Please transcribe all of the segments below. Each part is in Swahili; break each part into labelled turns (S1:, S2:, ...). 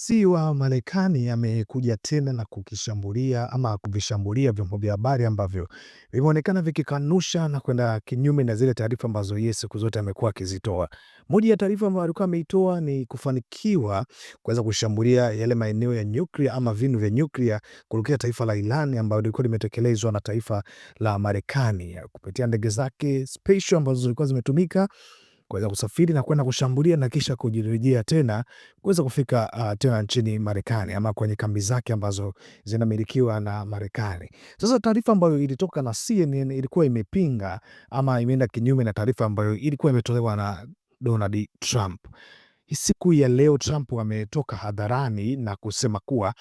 S1: si wa Marekani amekuja tena na kukishambulia ama kuvishambulia vyombo vya habari ambavyo vimeonekana vikikanusha na kwenda kinyume na zile taarifa ambazo yeye siku zote amekuwa akizitoa. Moja ya taarifa ambayo alikuwa ameitoa ni kufanikiwa kuweza kushambulia yale maeneo ya nyuklia ama vinu vya nyuklia kutokea taifa la Iran ambayo lilikuwa limetekelezwa na taifa la Marekani kupitia ndege zake special ambazo zilikuwa zimetumika kuweza kusafiri na kwenda kushambulia na kisha kujirejea tena kuweza kufika uh, tena nchini Marekani ama kwenye kambi zake ambazo zinamilikiwa na Marekani. Sasa taarifa ambayo ilitoka na CNN ilikuwa imepinga ama imeenda kinyume na taarifa ambayo ilikuwa imetolewa na Donald Trump. Siku ya leo Trump ametoka hadharani na kusema kuwa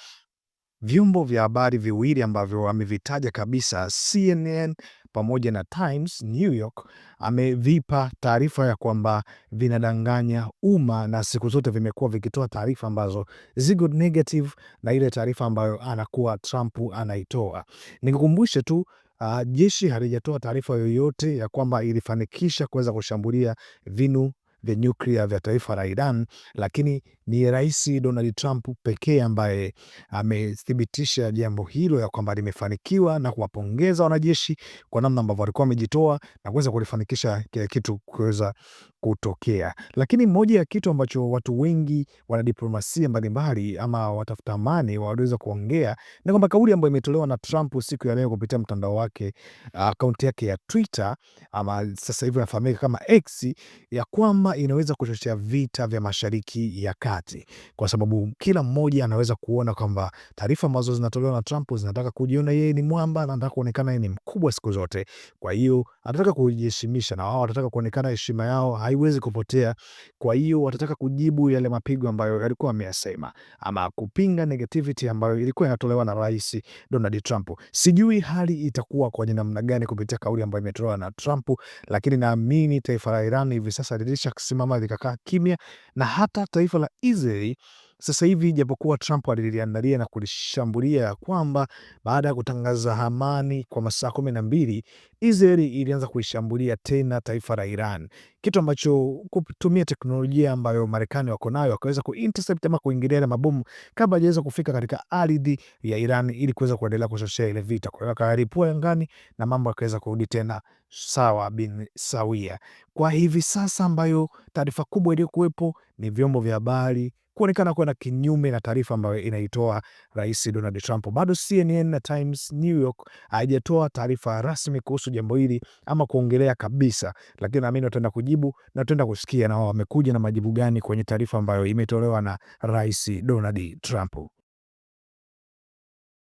S1: vyombo vya habari viwili ambavyo amevitaja kabisa CNN pamoja na Times New York amevipa taarifa ya kwamba vinadanganya umma na siku zote vimekuwa vikitoa taarifa ambazo zigo negative na ile taarifa ambayo anakuwa Trump anaitoa. Nikukumbushe tu Uh, jeshi halijatoa taarifa yoyote ya kwamba ilifanikisha kuweza kushambulia vinu vya nyuklia vya taifa la Iran, lakini ni Rais Donald Trump pekee ambaye amethibitisha jambo hilo ya kwamba limefanikiwa na kuwapongeza wanajeshi kwa namna ambavyo walikuwa wamejitoa na kuweza kulifanikisha kile kitu kuweza kutokea. Lakini moja ya kitu ambacho watu wengi wanadiplomasia mbalimbali ama watafuta amani waliweza kuongea ni kwamba kauli ambayo imetolewa na Trump siku ya leo kupitia mtandao wake, akaunti yake ya Twitter ama sasa hivi inafahamika kama X, ya kwamba inaweza kuchochea vita vya Mashariki ya Kati wakati, kwa sababu kila mmoja anaweza kuona kwamba taarifa ambazo zinatolewa na Trump zinataka kujiona yeye ni mwamba anataka kuonekana yeye ni mkubwa siku zote. Kwa hiyo anataka kujiheshimisha, na wao watataka kuonekana heshima yao haiwezi kupotea. Kwa hiyo watataka kujibu yale mapigo ambayo yalikuwa ameyasema ama kupinga negativity ambayo ilikuwa inatolewa na Rais Donald Trump. Sijui hali itakuwa kwenye namna gani kupitia kauli ambayo imetolewa na Trump, lakini naamini taifa la Iran hivi sasa lilishasimama likakaa kimya na hata taifa la easy Sasa hivi japokuwa Trump aliliandalia na kulishambulia ya kwamba baada ya kutangaza amani kwa masaa kumi na mbili, Israeli ilianza kuishambulia tena taifa la Iran, kitu ambacho kutumia teknolojia ambayo Marekani wako nayo wakaweza kuintercept ama kuingilia na mabomu kabla hajaweza kufika katika ardhi ya Iran ili kuweza kuendelea kuchochea ile vita. Kwa hiyo akalipua angani na mambo yakaweza kurudi tena sawa bin sawia. Kwa hivi sasa ambayo taarifa kubwa iliyokuwepo ni vyombo vya habari kuonekana kwenda kinyume na taarifa ambayo inaitoa Rais Donald Trump. Bado CNN na Times New York haijatoa taarifa rasmi kuhusu jambo hili ama kuongelea kabisa, lakini naamini wataenda kujibu na tutaenda kusikia na wao wamekuja na majibu gani kwenye taarifa ambayo imetolewa na Rais Donald Trump.